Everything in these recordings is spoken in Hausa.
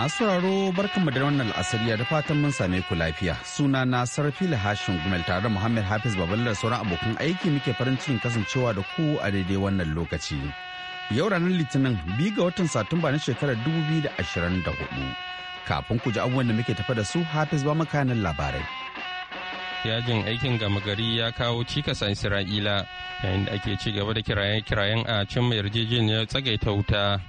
Masu sauraro barkanmu da wannan al'asariya da fatan mun same ku lafiya. Suna na Sarfila Hashin Gumel tare da Muhammad Hafiz Babalar sauran abokan aiki muke farin cikin kasancewa da ku a daidai wannan lokaci. Yau ranar Litinin bi ga watan Satumba na shekarar 2024. Kafin ku ji abubuwan da muke tafa da su Hafiz ba makanan labarai. Yajin aikin gama gari ya kawo cikas a Isra'ila yayin da ake ci gaba da kiraye-kirayen a cimma yarjejeniyar tsagaita wuta.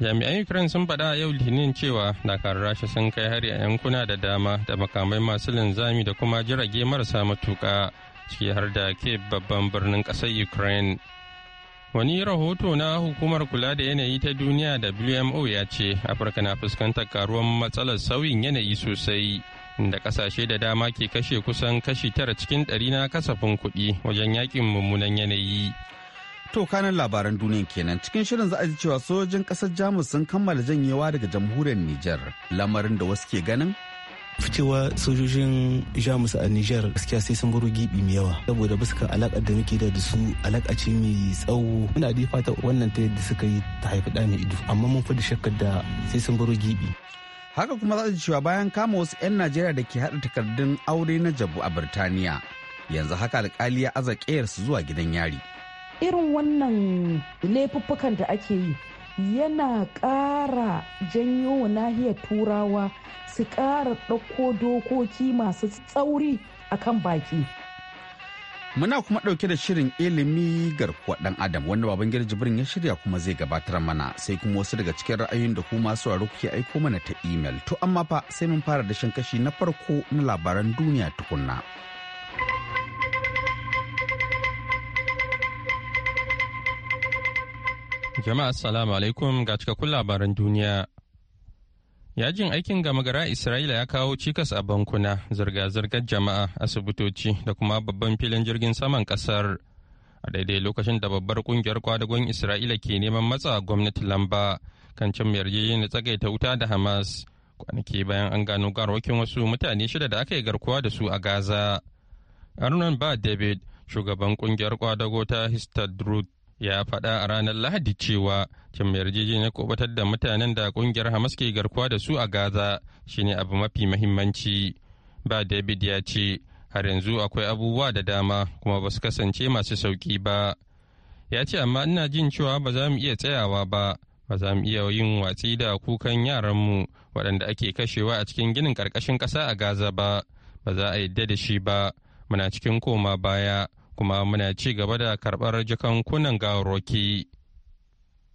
jami'an ukraine sun faɗa a yau litinin cewa dakarun rasha sun kai hari a yankuna da dama da makamai masu linzami da kuma jirage marasa matuka ciki har da ke babban birnin ƙasar ukraine wani rahoto na hukumar kula da yanayi ta duniya da wmo ya ce afirka na fuskantar karuwar matsalar sauyin yanayi sosai inda kasashe da dama ke kashe kusan kashi tara cikin ɗari na kasafin kuɗi wajen yakin mummunan yanayi To kanan labaran duniya kenan cikin shirin za a ji cewa sojojin kasar Jamus sun kammala janyewa daga jamhuriyar Nijar lamarin da wasu ke ganin ficewa sojojin jamus a nijar gaskiya sai sun baro gibi mai yawa saboda baska alakar da muke da su alaka ce mai tsawo muna da fata wannan ta yadda suka yi ta haifi da ido amma mun fi da shakkar da sai sun baro gibi haka kuma za cewa bayan kama wasu 'yan najeriya da ke haɗa takardun aure na jabu a birtaniya yanzu haka alkali ya aza su zuwa gidan yari irin wannan laifuffukan da ake yi yana ƙara janyo wa nahiyar turawa su ƙara ɗauko dokoki masu tsauri a kan baki muna kuma ɗauke da shirin ilimi garkuwa ɗan adam wanda baban jibrin ya shirya kuma zai gabatar mana sai kuma wasu daga cikin ra'ayoyin da kuma masu aro kuke aiko mana ta imel to amma fa sai mun fara da shan kashi na farko na labaran duniya tukunna Jama'a assalamu alaikum ga cikakkun labaran duniya. Yajin aikin gama gara Isra'ila ya kawo cikas a bankuna, zirga-zirgar jama'a, asibitoci da kuma babban filin jirgin saman kasar. A daidai lokacin da babbar kungiyar kwadagon Isra'ila ke neman matsa gwamnati lamba kan cin yarjejeniyar tsagaita wuta da Hamas. Kwanaki bayan an gano garwakin wasu mutane shida da aka yi garkuwa da su a Gaza. Arnon ba David, shugaban kungiyar kwadago ta Histadrut ya faɗa a ranar Lahadi cewa cin mai yarjejeniyar kubatar da mutanen da ƙungiyar Hamas ke garkuwa da su a Gaza shine abu mafi mahimmanci. Ba David ya ce har yanzu akwai abubuwa da dama kuma ba su kasance masu sauki ba. Ya ce amma ina jin cewa ba za mu iya tsayawa ba, ba za mu iya yin watsi da kukan yaranmu waɗanda ake kashewa a cikin ginin ƙarƙashin ƙasa a Gaza ba, ba za a yadda da shi ba, muna cikin koma baya. kuma muna ci gaba da karɓar jakankunan gawarwaki.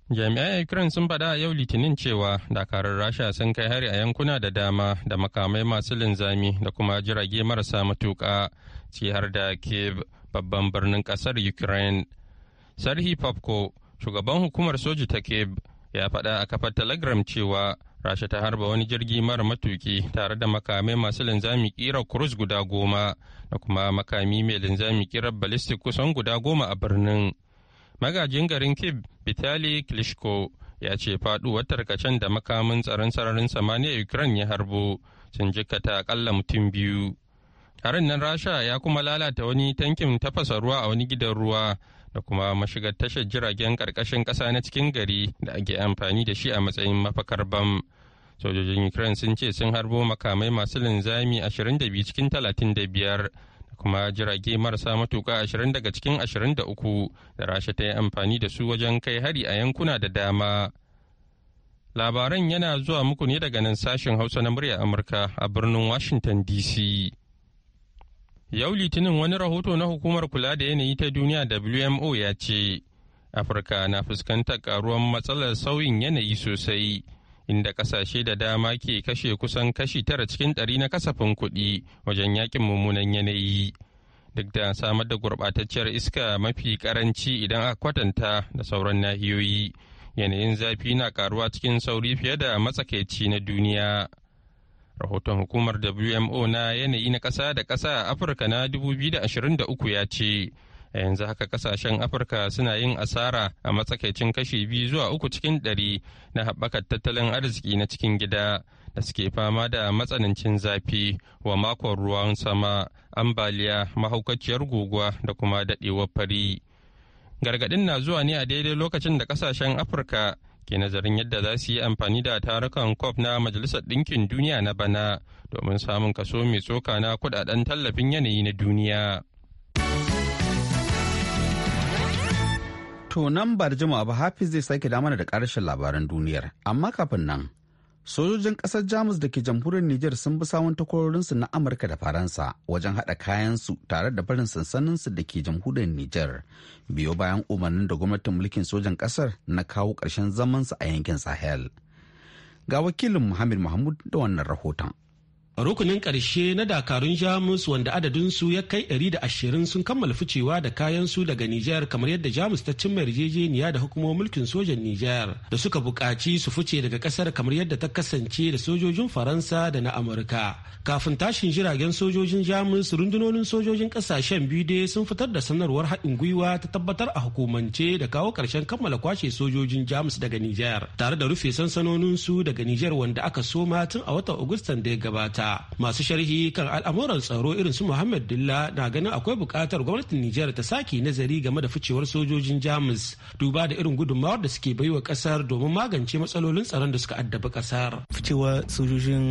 jami'an ukraine sun faɗa a yau litinin cewa dakarun rasha sun kai hari a yankuna da dama da makamai masu linzami da kuma jirage marasa matuƙa ci har da kiev babban birnin ƙasar ukraine sarhi popko shugaban hukumar soji ta kiev ya faɗa a kafar telegram cewa rasha ta harba wani jirgi mara matuki tare da makamai masu linzami kirar kurus guda goma da kuma makami mai linzami kirar ballistic kusan guda goma a birnin magajin garin kib vitali klitschko ya ce faduwar tarkacen da makamin tsaron sararin samaniya ukraine ya harbo sun jikata akalla mutum biyu harin nan rasha ya kuma lalata wani tankin tafasa ruwa a wani gidan ruwa da kuma mashigar tashar jiragen karkashin ƙasa na cikin gari da ake amfani da shi a matsayin mafakar bam. Sojojin Ukraine sun ce sun harbo makamai masu linzami 22 cikin 35 da kuma jirage marasa matuka 20 daga cikin 23 da Rasha ta yi amfani da su wajen kai hari a yankuna da dama. Labaran yana zuwa muku ne daga nan sashen Hausa na murya Amurka a birnin Washington DC. Yau Litinin wani rahoto na hukumar kula da yanayi ta duniya WMO ya ce, Afirka na fuskantar karuwan matsalar sauyin yanayi sosai, inda kasashe da dama ke kashe kusan kashi tara cikin ɗari na kasafin kuɗi wajen yakin mummunan yanayi. Duk da samar da gurɓatacciyar iska mafi karanci idan aka kwatanta da sauran nahiyoyi, yanayin zafi na karuwa cikin sauri fiye da matsakaici na duniya. rahoton hukumar wmo na yanayi na ƙasa da kasa a afirka na 2023 ya ce a yanzu haka kasashen afirka suna yin asara a matsakaicin kashi biyu zuwa uku cikin ɗari na haɓakar tattalin arziki na cikin gida da suke fama da matsanancin zafi wa makon ruwan sama ambaliya mahaukaciyar guguwa da kuma daɗewar fari gargaɗin na zuwa ne a daidai lokacin da kasashen afirka ke nazarin yadda za su yi amfani da tarukan cop na majalisar ɗinkin duniya na bana domin samun kaso mai tsoka na kudaden tallafin yanayi na duniya to nan ba da jimawa ba hafiz zai sake damana da ƙarshen labaran duniyar amma kafin nan sojojin ƙasar jamus da ke jamhuriyar niger sun bi sawon takwarorinsu na amurka da faransa wajen haɗa kayansu tare da barin sansaninsu da ke jamhuriyar niger biyo bayan umarnin da gwamnatin mulkin sojan ƙasar na kawo ƙarshen zamansu a yankin sahel ga wakilin muhammad mahmud da wannan rahoton rukunin ƙarshe na dakarun jamus wanda adadinsu ya kai 120 sun kammala ficewa da kayansu daga nijar kamar yadda jamus ta cimma yarjejeniya da hukumomin mulkin sojan nijar da suka buƙaci su fice daga ƙasar kamar yadda ta kasance da sojojin faransa da na amurka kafin tashin jiragen sojojin jamus rundunonin sojojin ƙasashen biyu dai sun fitar da sanarwar haɗin gwiwa ta tabbatar a hukumance da kawo ƙarshen kammala kwashe sojojin jamus daga nijar tare da rufe sansanoninsu daga nijar wanda aka soma tun a watan agustan da ya gabata ƙasa masu sharhi kan al'amuran tsaro irin su muhammad dilla na ganin akwai bukatar gwamnatin nijar ta sake nazari game da ficewar sojojin jamus duba da irin gudunmawar da suke baiwa ƙasar domin magance matsalolin tsaron da suka addabi ƙasar ficewa sojojin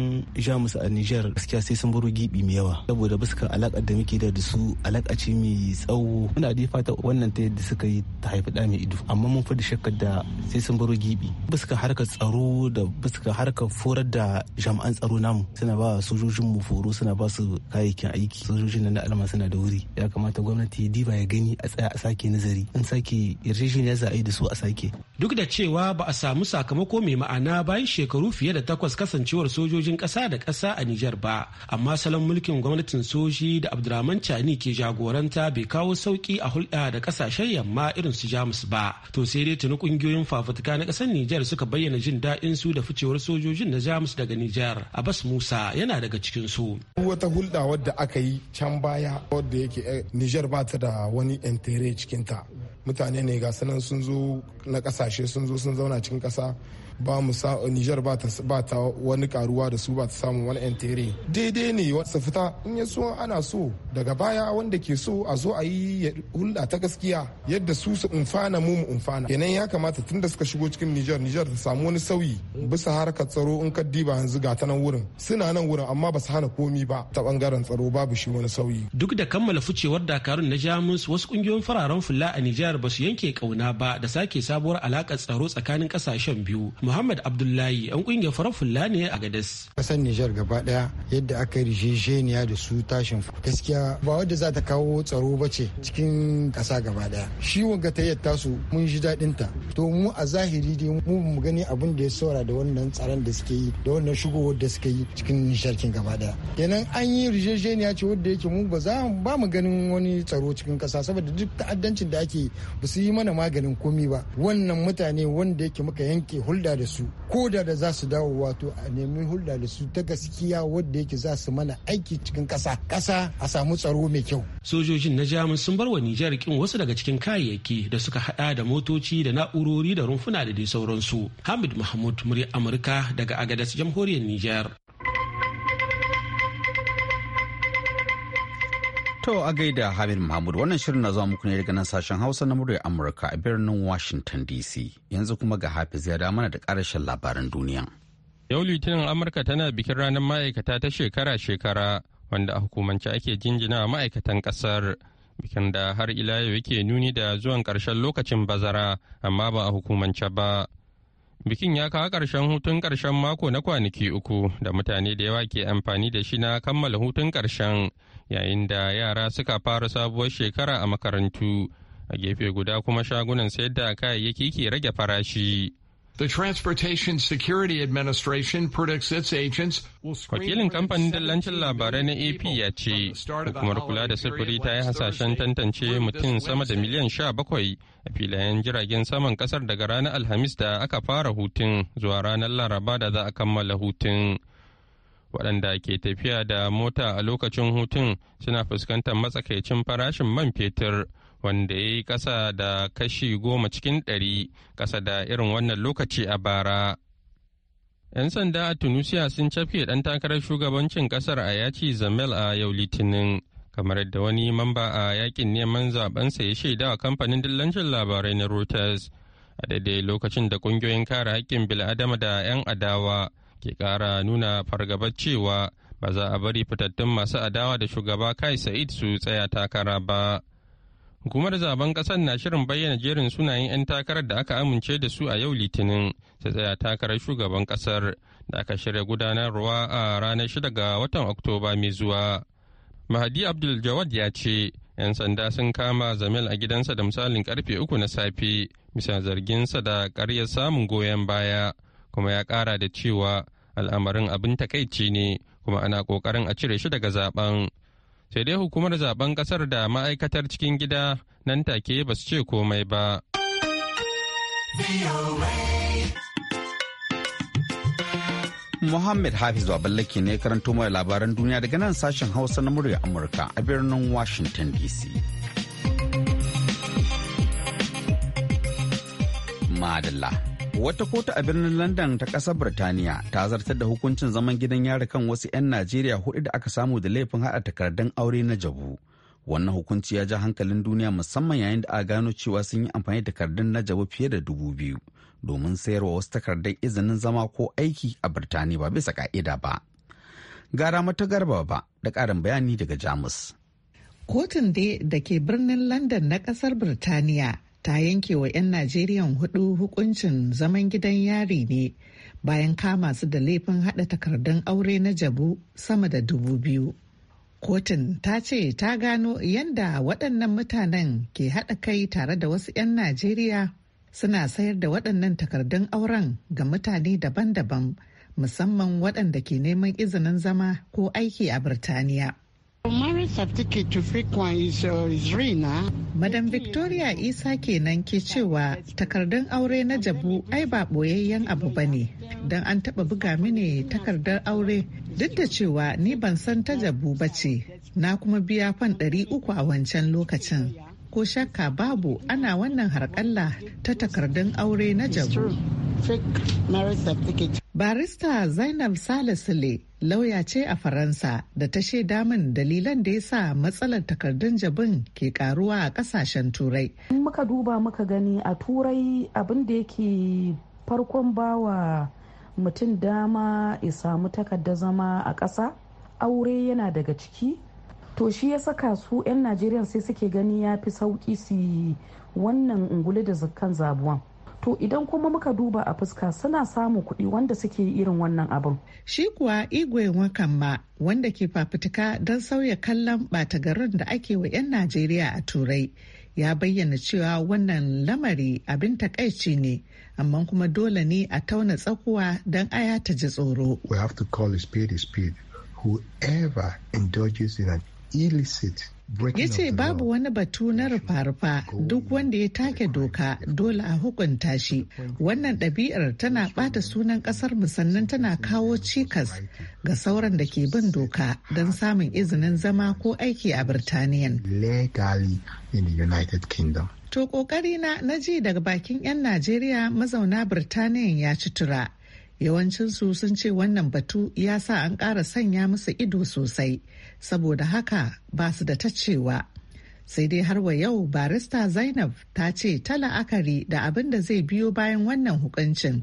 jamus a nijar gaskiya sai sun baro gibi mai yawa saboda ba suka alaƙa da muke da su alaƙa ce mai tsawo muna dai fata wannan ta yadda suka yi ta haifi ɗa mai ido amma mun fi da shakkar da sai sun baro gibi ba suka harkar tsaro da ba suka harkar forar da jami'an tsaro namu suna ba sojojin mu foro suna ba su kayayyakin aiki sojojin nan na alama suna da wuri ya kamata gwamnati ya diba ya gani a tsaya a sake nazari in sake yarjejeniya za a yi da su a sake duk da cewa ba a samu sakamako mai ma'ana bayan shekaru fiye da takwas kasancewar sojojin ƙasa da ƙasa a Nijar ba amma salon mulkin gwamnatin soji da Abdurahman Chani ke jagoranta bai kawo sauki a hulɗa da ƙasashen yamma irin su Jamus ba to sai dai tuni ƙungiyoyin fafutuka na ƙasar Nijar suka bayyana jin daɗin su da ficewar sojojin na Jamus daga Nijar Bas Musa yana yana daga cikin su wata hulɗa wadda aka yi can baya wadda yake eh, Niger ba ta da wani entere cikinta mutane ne ga sanan sun zo na kasashe sun zo sun zauna cikin kasa ba mu sa Niger ba ta ba wani karuwa da su ba ta samu wani entere daidai ne wata fita in ya so ana so daga baya wanda ke so a zo a yi hulɗa ta gaskiya yadda su su umfana mu mu umfana kenan ya kamata tunda suka shigo cikin Niger Niger ta samu wani sauyi bisa harkar tsaro in ka diba yanzu ga ta nan wurin suna nan wurin amma ba su hana komi ba ta bangaren tsaro babu shi wani sauyi duk da kammala ficewar dakarun na Jamus wasu kungiyoyin fararen fulla a Niger ba su yanke kauna ba da sake sabuwar alakar tsaro tsakanin kasashen biyu Muhammad Abdullahi an kungiyar farar Fulani a Gadas. Kasar Nijar gaba daya yadda aka yi rijejeniya da su tashin gaskiya ba wadda za ta kawo tsaro ba ce cikin kasa gaba daya. Shi wanga yi tasu mun ji daɗin ta. To mu a zahiri dai mu mu gani abin da ya saura da wannan tsaron da suke yi da wannan shigowar da suke yi cikin Nijar kin gaba daya. Kenan an yi rijejeniya ce wadda yake mu ba za ba mu ganin wani tsaro cikin kasa saboda duk ta'addancin da ake ba su yi mana maganin komi ba. Wannan mutane wanda yake muka yanke hulɗa hulɗa da su ko da da za su dawo wato a nemi hulɗa da su ta gaskiya wadda yake za su mana aiki cikin ƙasa ƙasa a samu tsaro mai kyau sojojin na jamus sun bar wa nijar kin wasu daga cikin kayayyaki da suka haɗa da motoci da na'urori da rumfuna da dai sauransu hamid mahmud murya amurka daga agadas jamhuriyar nijar To a gaida Hamid Mahmud wannan shirin na zuwa muku ne daga nan sashen Hausa na muryar Amurka a birnin Washington DC. Yanzu kuma ga Hafiz ya mana da karashen labaran duniya. Yau Litinin Amurka tana bikin ranar ma'aikata ta shekara-shekara wanda a hukumance ake jinjina ma'aikatan kasar. Bikin da har ila yau yake nuni da zuwan karshen lokacin bazara amma ba a hukumance ba. bikin ya kawo ƙarshen hutun ƙarshen mako na kwanaki uku da mutane da yawa ke amfani da shi na kammala hutun ƙarshen yayin da yara suka fara sabuwar shekara a makarantu a gefe guda kuma shagunan sayar da kayayyaki ke rage farashi The Transportation Security Administration predicts its agents will Wakilin kamfanin dillancin labarai na AP ya ce, hukumar kula da sufuri ta yi hasashen tantance mutum sama da miliyan sha bakwai a filayen jiragen saman kasar daga ranar Alhamis da aka fara hutun zuwa ranar Laraba da za a kammala hutun. Waɗanda ke tafiya da mota a lokacin hutun suna fuskantar matsakaicin farashin man fetur. wanda ya yi kasa da kashi goma cikin ɗari kasa da irin wannan lokaci a bara. 'Yan sanda a tunisia sun cafke ɗan takarar shugabancin ƙasar a yaci Zamel a yau Litinin, kamar yadda wani mamba a yakin neman zabensa ya shaida wa kamfanin dillancin labarai na Reuters. A daidai lokacin da ƙungiyoyin kare haƙƙin bil'adama da 'yan adawa ke ƙara nuna fargabar cewa ba za a bari fitattun masu adawa da shugaba Kai Sa'id su tsaya takara ba. Hukumar zaben kasar na shirin bayyana jerin sunayen 'yan takarar da aka amince da su a yau litinin ta tsaya takarar shugaban kasar da aka shirya gudanarwa a ranar 6 ga watan Oktoba mai zuwa. Mahadi Abdul Jawad ya ce, 'yan sanda sun kama Zamil a gidansa da misalin karfe uku na safe bisa zarginsa da karyar samun goyon baya, kuma ya kara da cewa al'amarin abin takaici ne kuma ana kokarin a cire shi daga zaben. sai dai hukumar zaben kasar da ma'aikatar cikin gida nan take ba su ce komai ba. Muhammad Hafiz Baballake ne karanto mai labaran duniya daga nan sashen Hausa na murya Amurka a birnin Washington DC. Madalla. wata kotu a birnin london ta kasar birtaniya ta zartar da hukuncin zaman gidan yari kan wasu 'yan najeriya hudu da aka samu da laifin haɗa takardun aure na jabu wannan hukunci ya ja hankalin duniya musamman yayin da a gano cewa sun yi amfani da takardun na jabu fiye da dubu biyu domin sayarwa wasu takardun izinin zama ko aiki a birtaniya ba bisa ka'ida ba gara mata garba ba da ƙarin bayani daga jamus kotun da ke birnin london na ƙasar birtaniya ta yanke wa 'yan Najeriya hudu hukuncin zaman gidan yari ne bayan kama su da laifin hada takardun aure na jabu sama da dubu biyu. Kotun ta ce ta gano yadda waɗannan mutanen ke haɗa kai tare da wasu 'yan Najeriya suna sayar da waɗannan takardun auren ga mutane daban-daban musamman waɗanda ke neman izinin zama ko aiki a Birtaniya. Marriage Madam Victoria Isa kenan ke cewa takardun aure na jabu ai ba boyayyen abu ba ne, don an taɓa buga mini takardar aure duk da cewa ni ban san ta jabu ba ce, na kuma biya fan ɗari uku a wancan lokacin. Ko shakka babu ana wannan harƙalla ta takardun aure na jabu. certificate. Barista Zainab Sale lauya ce a Faransa da ta shaida min dalilan da ya sa matsalar takardun jabin ke karuwa a kasashen Turai. Muka duba muka gani a Turai abin da yake farkon bawa mutum dama ya samu takardar zama a ƙasa aure yana daga ciki to shi ya saka su 'yan najeriya sai suke gani ya fi sauƙi su wannan ungulu da kan zabuwan to idan kuma muka duba a fuska suna samun kuɗi wanda suke irin wannan abin. Shi kuwa Igwe ma wanda ke fafutuka don sauya kallon ɓata garin da ake wa 'yan Najeriya a Turai ya bayyana cewa wannan lamari abin takaici ne amma kuma dole ne a tauna tsakuwa don aya ta ji tsoro. We have to call a speed a speed. Whoever indulges in an illicit ya ce babu wani batu na rufa-rufa duk wanda ya take doka dole a hukunta shi wannan ɗabi'ar tana ɓata sunan ƙasar sannan tana kawo cikas ga sauran da ke bin doka don samun izinin zama ko aiki a birtaniyan to ƙoƙarina na ji daga bakin 'yan najeriya mazauna birtaniyan ya ci tura yawancinsu sun ce wannan batu ya sa an ƙara sanya musu ido sosai saboda haka ba su da ta cewa sai dai har wa yau barista zainab ta ce ta la'akari da abin da zai biyo bayan wannan hukuncin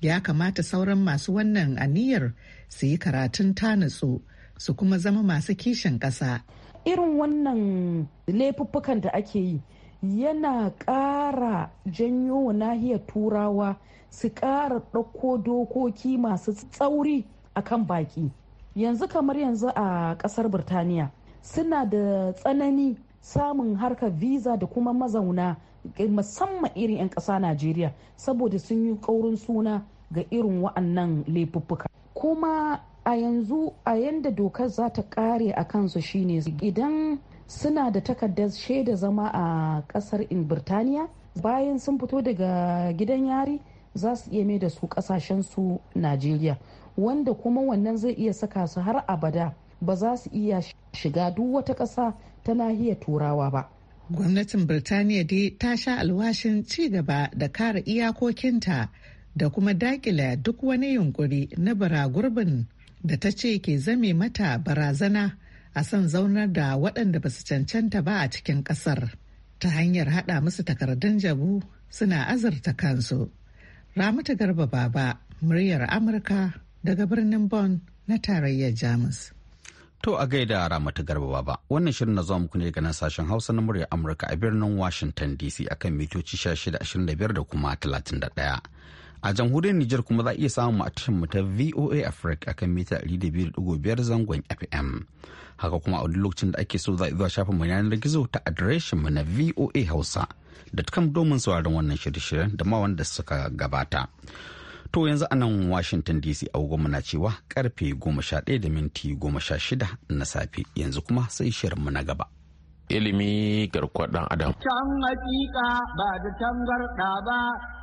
ya kamata sauran masu wannan aniyar su yi karatun tanatsu su kuma zama masu kishin ƙasa irin wannan laifuffukan da ake yi yana ƙara janyo wa nahiyar turawa su ƙara ɗauko dokoki masu tsauri a kan baƙi yanzu kamar yanzu a ƙasar birtaniya suna da tsanani samun harkar visa da kuma mazauna eh, musamman irin 'yan ƙasa najeriya saboda sun yi ƙaurin suna ga irin wa'annan laifuffuka kuma a yanzu a yanda dokar za ta ƙare a kansu shine idan suna da takardar shaida zama a kasar in birtaniya bayan sun fito daga gidan yari za su iya mai da su su najeriya wanda kuma wannan zai iya saka su har abada ba za su iya shiga duk wata ƙasa ta nahiyar turawa ba gwamnatin birtaniya dai ta sha alwashin ci gaba da kare iyakokinta da kuma dakila duk wani yunkuri na baragurbin da ta ce ke zame mata barazana a san zaunar da waɗanda ba su cancanta ba a cikin ƙasar ta hanyar haɗa musu takardun jabu suna azurta kansu Ramatu Garba Baba, muryar Amurka daga birnin Bonn na tarayyar Jamus. To a gaida Ramatu Garba Baba, wannan shirin na zuwa muku ne sashen Hausa na muryar Amurka a birnin Washington DC akan mitoci 1625 da kuma 31. A jamhuriyar Nijar kuma za a iya samun a tashar mu ta VOA Africa akan mita 200.5 zangon FM. haka kuma a duk lokacin da ake so za a zuwa shafin mu yanar gizo ta adireshin mu na voa hausa da kam domin sauraron wannan shirye-shiryen da ma wanda suka gabata to yanzu a nan washington dc agogonmu na cewa karfe goma sha 11 da minti shida na safe yanzu kuma sai mu na gaba ilimi garkuwar dan adam can hakika ba da tangarda ba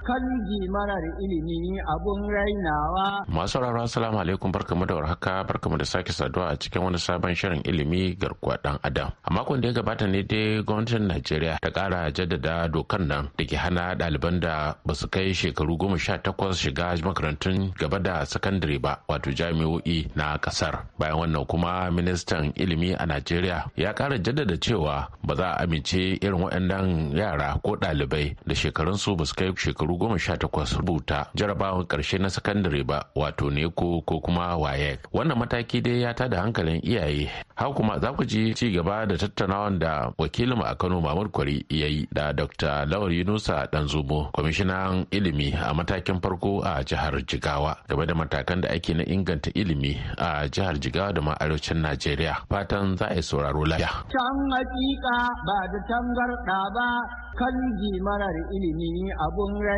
mana marar ilimi abun rainawa. Masu rarra salamu alaikum barkamu da warhaka barka da sake saduwa a cikin wani sabon shirin ilimi garkuwa dan adam. A makon da ya gabata ne dai gwamnatin Najeriya ta kara jaddada dokar nan da ke hana ɗaliban da ba su kai shekaru goma sha takwas shiga makarantun gaba da sakandare ba wato jami'o'i na kasar. Bayan wannan kuma ministan ilimi a Najeriya ya kara jaddada cewa ba za a amince irin waɗannan yara ko ɗalibai da shekarunsu ba su kai shekaru goma sha takwas rubuta jarabawan karshe na sakandare ba wato neko ko kuma waye. wannan mataki dai ya tada hankalin iyaye haka kuma za ku ji ci gaba da tattaunawan da wakilinmu a kano mamud kwari ya yi da dr lawal yunusa zubo kwamishinan ilimi a matakin farko a jihar jigawa game da matakan da ake na inganta ilimi a jihar jigawa da ma arewacin najeriya fatan za a yi sauraro lafiya can hakika ba da tangarda ba kan marar ilimi abun rai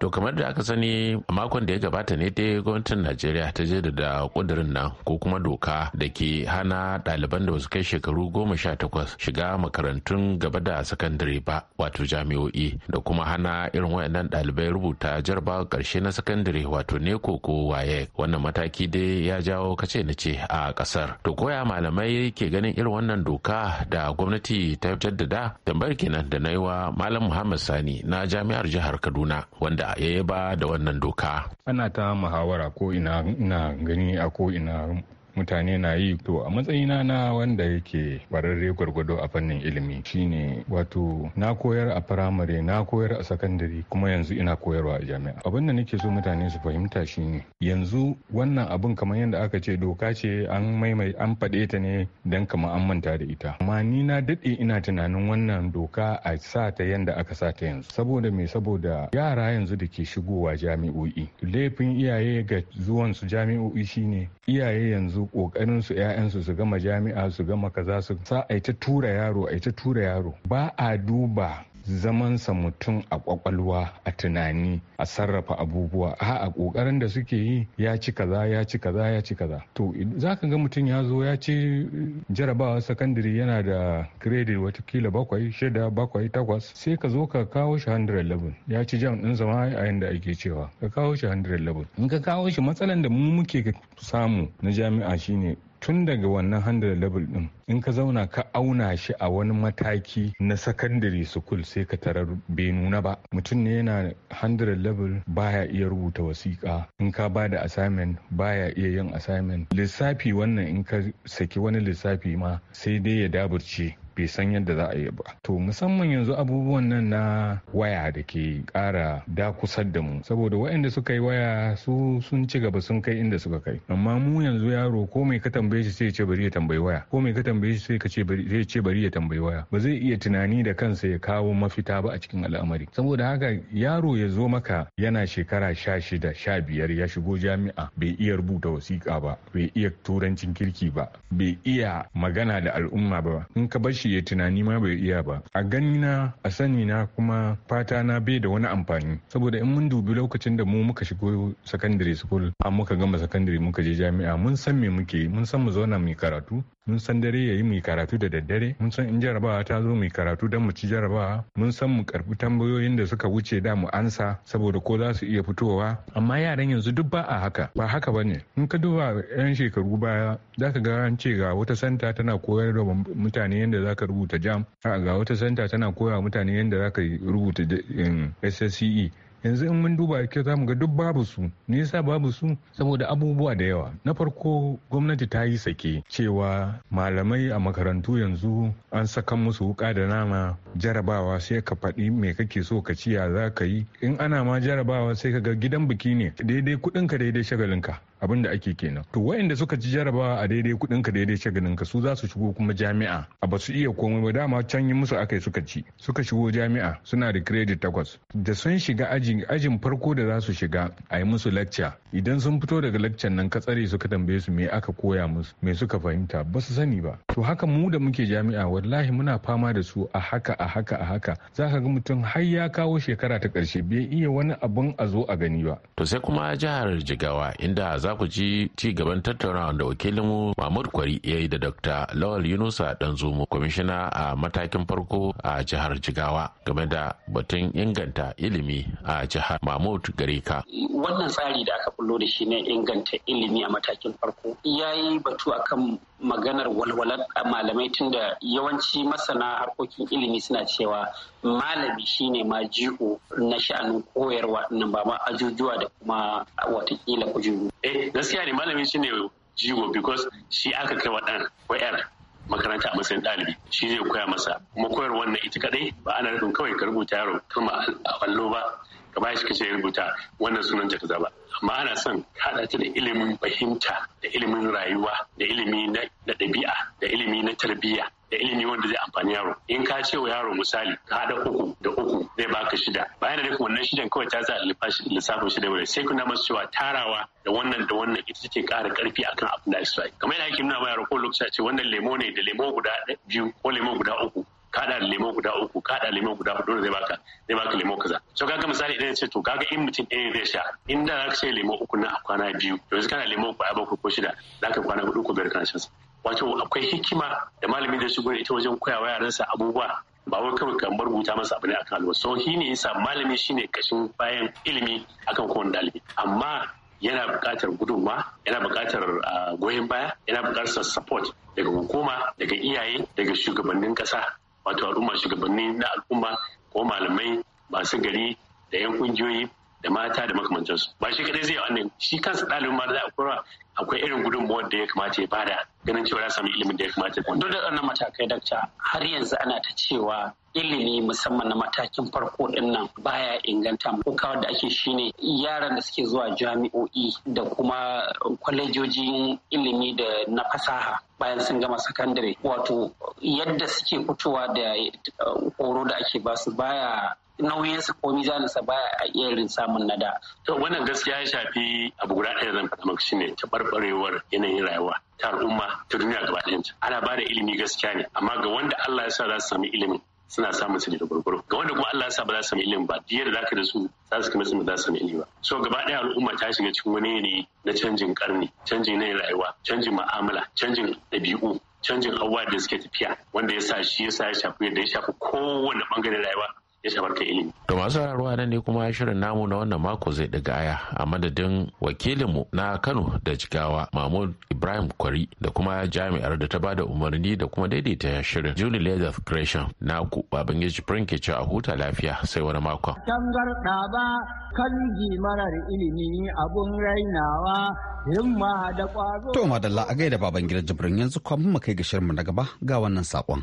To kamar da aka sani a makon da ya gabata ne dai gwamnatin Najeriya ta je da kudirin nan ko kuma doka da ke hana ɗaliban da basu kai shekaru goma sha takwas shiga makarantun gaba da sakandare ba wato jami'o'i da kuma hana irin waɗannan ɗalibai rubuta jarba ƙarshe na sakandare wato neko ko waye wannan mataki dai ya jawo kace na ce a ƙasar. To koya malamai ke ganin irin wannan doka da gwamnati ta jaddada tambayar kenan da na yi wa Malam Muhammad Sani na jami'ar jihar jihar kaduna wanda ya yaba da wannan doka ana ta muhawara ko ina gani a ko ina mutane na yi to a matsayina na wanda yake bararre gwargwado a fannin ilimi shine wato na koyar a firamare na koyar a sakandare kuma yanzu ina koyarwa a jami'a abin da nake so mutane su fahimta shine yanzu wannan abin kamar yadda aka ce doka ce an maimai an faɗe ta ne dan kamar an manta da ita amma ni na daɗe ina tunanin wannan doka a sa ta yadda aka sa ta yanzu saboda me saboda yara yanzu da ke shigowa jami'o'i laifin iyaye ga zuwan su jami'o'i shine iyaye yanzu kokarin su ƴaƴansu su gama jami'a su gama kaza su sa a ta tura yaro a ta tura yaro ba a duba zamansa mutum a kwakwalwa a tunani a sarrafa abubuwa a kokarin da suke yi ya ci kaza ya ci kaza ya ci kaza to za ka ga mutum ya zo ya ci jarabawa sakandare yana da grade watakila bakwai shida bakwai takwas sai ka zo ka kawo shi 111 ya ci jam din zama a yanda ake cewa ka kawo shi 111 in ka kawo shi matsalan da mu muke samu na jami'a shine tun daga wannan 100 level din in ka zauna ka auna shi a wani mataki na secondary school sai ka tarar bai nuna ba mutum ne yana 100 level baya iya rubuta wasiƙa in ka ba da assignment baya iya yin assignment lissafi wannan in ka saki wani lissafi ma sai dai ya daburce bai san yadda za a yi ba to musamman yanzu abubuwan nan na waya da ke ƙara dakusar da mu saboda waɗanda suka yi waya su sun ci gaba sun kai inda suka kai amma mu yanzu yaro ko mai ka tambaye shi sai ya ce bari ya tambayi waya ko mai ka tambaye shi sai ka bari ce bari ya tambayi waya ba zai iya tunani da kansa ya kawo mafita ba a cikin al'amari saboda haka yaro ya zo maka yana shekara sha shida sha biyar ya shigo jami'a bai iya rubuta wasiƙa ba bai iya turancin kirki ba bai iya magana da al'umma ba in ka bar shi shi ya tunani ma bai iya ba a gani na a sani na kuma fata na bai da wani amfani saboda in mun dubi lokacin da mu muka shigo secondary school a muka gama secondary muka je jami'a mun san me muke mun san mu zauna mu karatu mun san dare yayi mu karatu da daddare mun san in jarabawa ta zo mu karatu dan mu ci jarabawa mun san mu karbi tambayoyin da suka wuce da mu ansa saboda ko za su iya fitowa amma yaran yanzu duk ba a haka ba haka bane in ka duba yan shekaru baya zaka ga an ce ga wata santa tana koyar da mutane yadda za zaka rubuta jam ga wata santa tana koya wa mutane yadda ka rubuta um, SSCE yanzu in mun duba kyau za mu ga duk babu su me yasa babu su saboda abubuwa da yawa na farko gwamnati ta yi sake cewa malamai a makarantu yanzu an saka musu wuka da nama jarabawa sai ka faɗi me kake so ka ciya za ka yi in ana ma jarabawa sai ka ga gidan biki ne daidai ka daidai shagalinka abin da ake kenan to wayanda suka ci jarabawa a daidai kuɗin ka daidai shagalin ka su za su shigo kuma jami'a a ba su iya komai ba dama can yi musu akai suka ci suka shigo jami'a suna da credit takwas da sun shiga ajin ajin farko da za su shiga a yi musu lecture idan sun fito daga lecture nan ka tsare suka tambaye su me aka koya musu me suka fahimta ba su sani ba to haka mu da muke jami'a wallahi muna fama da su a haka a haka a haka za ka ga mutum har ya kawo shekara ta ƙarshe bai iya wani abun a zo a gani ba. To sai kuma jihar Jigawa inda za ku ji ci gaban tattaunawa da wakilinmu Mahmud Kwari ya yi da Dr. Lawal Yunusa Danzumu kwamishina a matakin farko a jihar Jigawa game da batun inganta ilimi a jihar Mahmud Gareka. Wannan tsari da aka bullo da shi ne inganta ilimi a matakin farko ya yi batu akan maganar walwalar malamai tunda yawanci masana harkokin ilimi suna cewa malami shine ma jiho na sha'anin koyarwa nan ba ma ajujuwa da kuma watakila kujeru. Eh gaskiya ne malami shine jigo because shi aka kai wa ɗan wa'yar makaranta a matsayin ɗalibi shi zai koya masa kuma koyarwa na ita kaɗai ba ana rufin kawai ka rubuta yaro kalma allo ba ka bashi kace ya rubuta wannan sunan ta zaba amma ana son haɗa ta da ilimin fahimta da ilimin rayuwa da ilimi na ɗabi'a da ilimi na tarbiyya da ilimi wanda zai amfani yaro in ka ce wa yaro misali ka haɗa uku da uku zai baka shida bayan da wannan shidan kawai ta sa lissafin shida wani sai kuna masu cewa tarawa da wannan da wannan ita take ƙara ƙarfi akan abin da ake kamar yadda ake nuna ma yaro ko lokaci ce wannan lemo ne da lemo guda biyu ko lemo guda uku kada da lemon guda uku kada lemon guda hudu zai baka zai baka lemon kaza so kaga misali idan ce to kaga in mutum ɗaya zai sha in da zaka ce lemon uku na kwana biyu yanzu kana lemon kwaya bakwai ko shida zaka kwana hudu ko biyar kana shan wato akwai hikima da malami da shigo ita wajen koyawa yaransa abubuwa ba wai kawai kan rubuta masa abu ne akan alwa so shi ne yasa malami shine kashin bayan ilimi akan kowane dalibi amma yana buƙatar gudunma yana buƙatar goyon baya yana buƙatar support daga hukuma daga iyaye daga shugabannin ƙasa wato al'umma shugabanni na al'umma ko malamai masu gari da yan kungiyoyi da mata da makamantansu ba shi kadai zai yi wannan shi kansa ɗalibin ma za a kura akwai irin gudunmuwar da ya kamata ya bada ganin cewa ya samu ilimin da ya kamata duk da wannan matakai dakta har yanzu ana ta cewa ilimi musamman na matakin farko dinnan nan baya inganta ko kawo da ake shine yaran da suke zuwa jami'o'i da kuma kwalejojin ilimi da na fasaha bayan sun gama sakandare wato yadda suke fitowa da uh, horo da ake basu baya nauyinsa ko mizaninsa ba a irin samun nada. To wannan gaskiya ya shafi abu guda ɗaya zan faɗa maka shine taɓarɓarewar yanayin rayuwa ta al'umma ta duniya gaba ɗayanta. Ana bada ilimi gaskiya ne amma ga wanda Allah ya sa za su sami ilimin suna samun su da gurguru ga wanda kuma Allah ya sa ba za su sami ilimi ba diya da zaka da su za su kuma su za su sami ilimi ba so gaba ɗaya al'umma ta shiga cikin wani ne na canjin karni canjin na rayuwa canjin mu'amala canjin ɗabi'u canjin abubuwa da suke tafiya wanda ya sa shi ya sa ya shafi yadda ya shafi kowane bangaren rayuwa ya shafarta ilimi. To masu rarwa nan ne kuma shirin namu na wannan mako zai daga aya a madadin wakilinmu na Kano da Jigawa Mahmud Ibrahim Kwari da kuma jami'ar da ta bada umarni da kuma daidaita shirin Julie Leather Creation na ku Babangiji Prince ce a huta lafiya sai wani makon. Tangarɗa ba kan marar ilimi abun rainawa himma da ƙwazo. To madalla a gaida Babangida Jibrin yanzu kuma mun kai ga shirinmu na gaba ga wannan sakon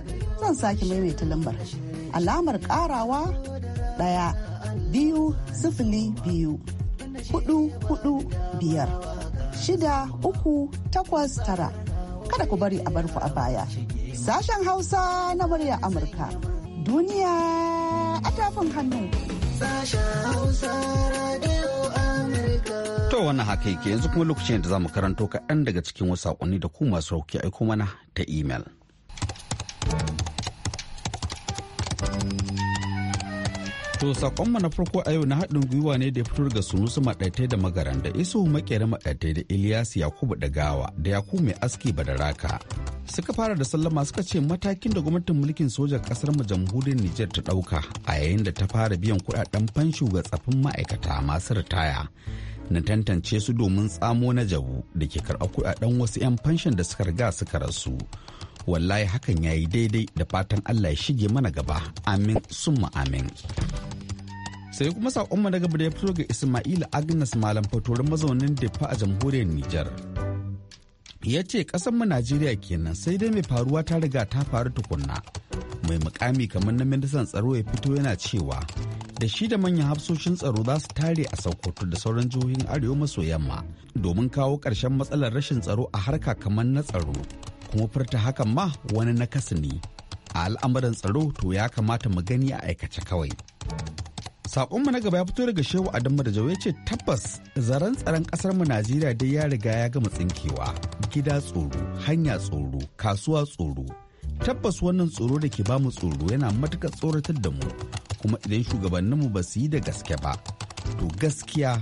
zan sake maimaita lambar alamar karawa ɗaya biyu sifili biyu hudu hudu biyar shida uku takwas tara kada ku bari a barku a baya sashen hausa na murya amurka duniya a tafin hannu To wannan haka yake yanzu kuma lokacin da za mu karanto kaɗan daga cikin wasu saƙonni da ku masu rauki aiko mana ta imel. To sakonmu na farko a yau na haɗin gwiwa ne da ya fito daga sunusu maɗaitai da magaran da iso makera maɗaitai da Ilyas Yakubu da gawa da Yakubu mai aski badaraka. Suka fara da sallama suka ce matakin da gwamnatin mulkin soja ƙasar mu jamhuriyar Nijar ta ɗauka a yayin da ta fara biyan kuɗaɗen fansho ga tsafin ma'aikata masu ritaya. Na tantance su domin tsamo na jabu da ke karɓar kuɗaɗen wasu 'yan fanshin da suka riga suka rasu. wallahi hakan ya yi daidai da fatan allah ya shige mana gaba amin summa amin sai kuma saƙonmu na gaba da ya fito ga ismail agnes malam fatorin mazaunin defa a jamhuriyar nijar ya ce mu najeriya kenan sai dai mai faruwa ta riga ta faru tukunna mai mukami kamar na ministan tsaro ya fito yana cewa da shi da manyan hafsoshin tsaro za su tare a sokoto da sauran jihohin arewa maso yamma domin kawo ƙarshen matsalar rashin tsaro a harka kamar na tsaro kuma furta hakan ma wani nakasu ne a al'amuran tsaro to ya kamata mu gani a aikace kawai saƙonmu na gaba ya fito daga shehu adamu da ya ce tabbas zaren tsaron ƙasar mu najeriya dai ya riga ya gama tsinkewa gida tsoro hanya tsoro kasuwa tsoro tabbas wannan tsoro da ke bamu tsoro yana matuƙar tsoratar da mu kuma idan shugabanninmu ba su yi da gaske ba to gaskiya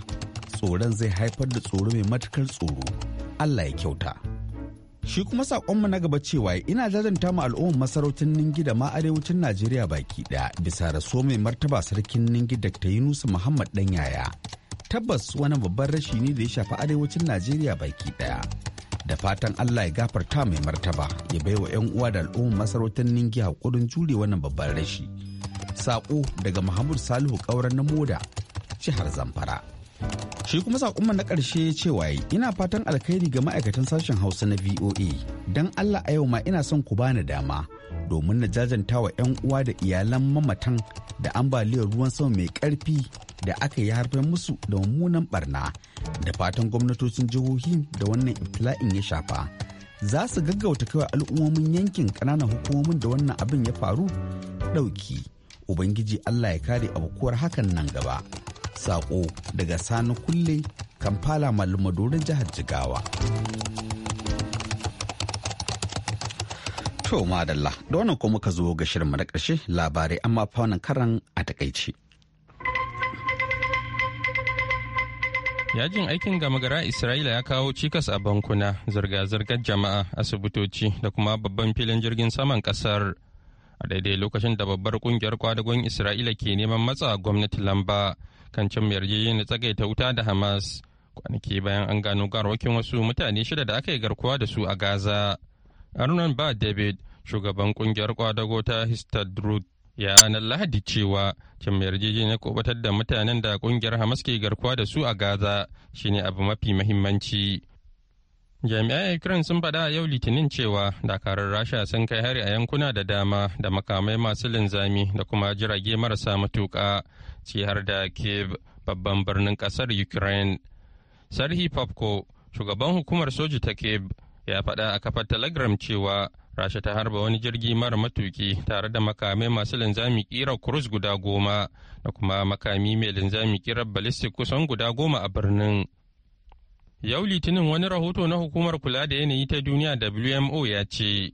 tsoron zai haifar da tsoro mai matukar tsoro Allah ya kyauta. Shi kuma saƙonmu na gaba cewa ina jajanta mu al'ummar masarautar Ningi da ma arewacin Najeriya baki ɗaya bisa raso mai martaba sarkin Ningi Dr. Yunusu Muhammad dan yaya Tabbas wani babban rashi ne da ya shafi arewacin Najeriya baki ɗaya. da fatan Allah ya gafarta mai martaba ya baiwa 'yan uwa da al'ummar masarautar ningi hakurin jure wannan babban rashi. Saƙo daga Muhammad Salihu ƙauren na Moda, jihar Zamfara. Shi kuma sakonmu na ƙarshe cewa ina fatan alkhairi ga ma'aikatan sashen Hausa na VOA. Don Allah a yau ma ina son ku bani dama domin na jajanta wa 'yan uwa da iyalan mamatan da ambaliyar ruwan sama mai ƙarfi da aka yi harfar musu da mummunan barna da fatan gwamnatocin jihohi da wannan ifla'in ya shafa. Za su gaggauta kawai al'ummomin yankin ƙananan hukumomin da wannan abin ya faru ɗauki. Ubangiji Allah ya kare abokuwar hakan nan gaba. Sako daga Sani Kulle Kamfala Malumadorin jihar Jigawa. To madalla, da wannan kuma muka zo ga shirin na karshe labarai amma fa wannan karan a takaici. Yajin aikin gama gara Isra'ila ya kawo cikas a bankuna, zirga-zirgar jama'a, asibitoci da kuma babban filin jirgin saman kasar. A daidai lokacin da babbar kungiyar kwadagon Isra'ila ke neman matsa gwamnati lamba kan cin yarjejeniyar tsagaita wuta da hamas kwanaki bayan an gano garwakin wasu mutane shida da aka yi garkuwa da su a gaza arnon ba david shugaban kungiyar kwadago ta histadrut ya ranar lahadi cewa cin yarjejeniyar kubatar da mutanen da kungiyar hamas ke garkuwa da su a gaza shine abu mafi mahimmanci jami'an ukraine sun faɗa a yau litinin cewa dakarar rasha sun kai hari a yankuna da dama da makamai masu linzami da kuma jirage marasa matuka ci har da kiev babban birnin ƙasar ukraine sarhi popko shugaban hukumar soji ta kiev ya faɗa a kafar telegram cewa rasha ta harba wani jirgi mara matuki tare da makamai masu linzami kira kurus guda goma da kuma makami mai linzami kira ballistic kusan guda goma a birnin Yau Litinin wani rahoto na hukumar kula da yanayi ta duniya WMO ya ce,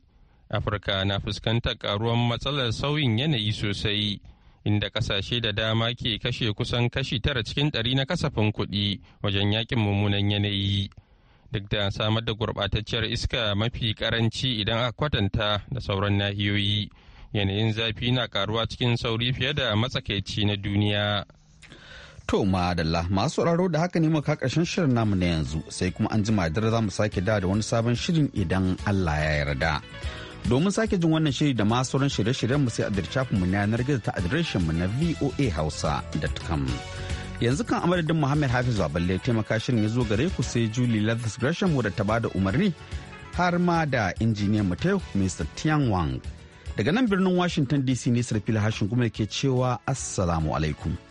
Afirka na fuskantar karuwar matsalar sauyin yanayi sosai, inda kasashe da dama ke kashe kusan kashi tara cikin ɗari na kasafin kuɗi wajen yakin mummunan yanayi. Duk da samar da gurɓatacciyar iska mafi karanci idan aka kwatanta da sauran nahiyoyi, yanayin zafi na karuwa cikin sauri fiye da matsakaici na duniya. To madalla masu sauraro da haka ne muka karshen shirin namu na yanzu sai kuma an ji da za mu sake da da wani sabon shirin idan Allah ya yarda. Domin sake jin wannan shiri da masu ran shirye-shiryen mu sai a mu na yanar gizo ta adireshin mu na voahausa.com. Yanzu kan amadadin Muhammad Hafiz Baballe taimaka shirin ya zo gare ku sai Julie Lathis Gresham wadda ta bada umarni har ma da injiniyan mu ta Mr. Tian Wang. Daga nan birnin Washington DC ne Sarfila Hashin kuma ke cewa Assalamu alaikum.